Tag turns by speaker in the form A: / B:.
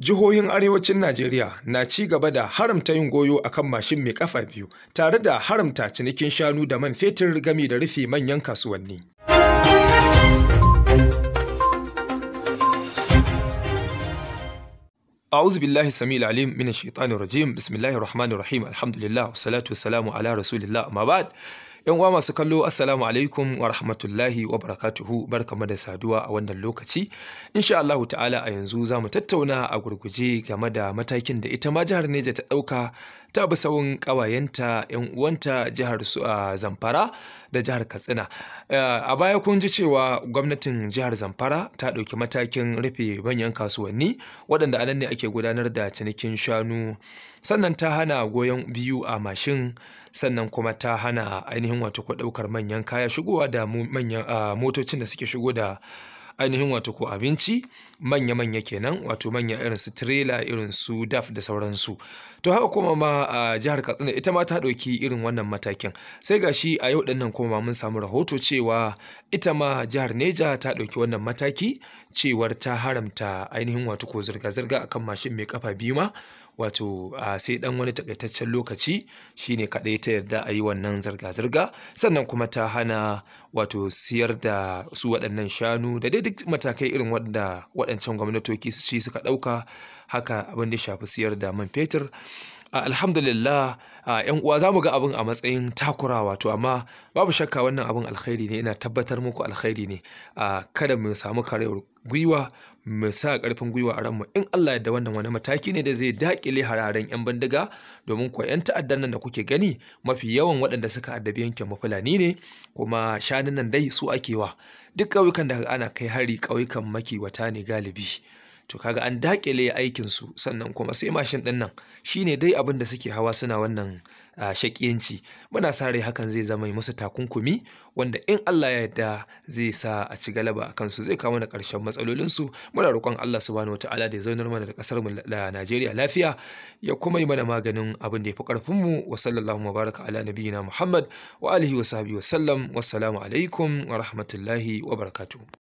A: Jihohin Arewacin Najeriya na ci gaba da haramta yin goyo a kan mashin mai kafa biyu, tare da haramta cinikin shanu da man fetur gami da rufe manyan kasuwanni. أعوذ بالله السميع العليم من الشيطان الرجيم بسم الله الرحمن الرحيم الحمد لله والصلاة والسلام على رسول الله ما بعد Yan uwa masu kallo assalamu alaikum wa rahmatullahi wa barakatuhu barkamu da saduwa a wannan lokaci. Insha Allah ta'ala a yanzu za mu tattauna a gurguje game da matakin da ita ma jihar Neja ta ɗauka ta bi sawun ƙawayenta yan uwanta jihar su a Zamfara da jihar Katsina. A baya kun ji cewa gwamnatin jihar Zamfara ta ɗauki matakin rufe manyan kasuwanni waɗanda a ne ake gudanar da cinikin shanu sannan ta hana goyon biyu a mashin sannan kuma ta hana ainihin wato ko ɗaukar manyan kaya shigowa da manyan motocin da suke shigo da ainihin wato ko abinci manya-manya kenan wato manya irin su trailer irin su daf da sauransu to haka kuma ma a jihar katsina ita ma ta ɗauki irin wannan matakin sai ga shi a yau ɗin nan kuma mun samu rahoto cewa ita ma jihar neja ta ɗauki wannan mataki cewar ta haramta ainihin wato ko zirga-zirga akan mashin mai kafa biyu ma wato sai dan wani takaitaccen lokaci shine kadai ta yarda a yi wannan zirga-zirga sannan kuma ta hana wato siyar da su waɗannan shanu da dai duk matakai irin wadda waɗancan gwamnatoki su ci suka ɗauka haka abin da shafi siyar da man fetur Ah, alhamdulillah yan ah, uwa za mu ga abin a matsayin takurawa to amma babu shakka wannan abin alkhairi ne ina tabbatar muku alkhairi ne ah, kada mu samu karewar gwiwa mu sa karfin gwiwa a ranmu in Allah yadda wannan wani mataki ne da zai dakile hararen yan bindiga domin ko yan ta'addan nan da kuke gani mafi yawan waɗanda suka addabi yankin mafulani ne kuma shanun nan dai su akewa duk ƙauyukan da ana kai hari ƙauyukan makiwata ne galibi to kaga an dakile aikin su sannan kuma sai mashin din nan shine dai abin da suke hawa suna wannan ah, shakiyanci muna sa rai hakan zai zama masu takunkumi wanda in Allah ya yarda zai sa a ci galaba a kansu zai kawo mana ƙarshen matsalolin su muna roƙon Allah subhanahu wataala da ya zaunar mana da ƙasar mu da Najeriya lafiya ya kuma yi mana maganin abin da ya fi ƙarfin mu wa sallallahu mubaraka ala nabiyina Muhammad wa alihi wa sahbihi wa sallam wassalamu alaikum wa rahmatullahi wa barakatuh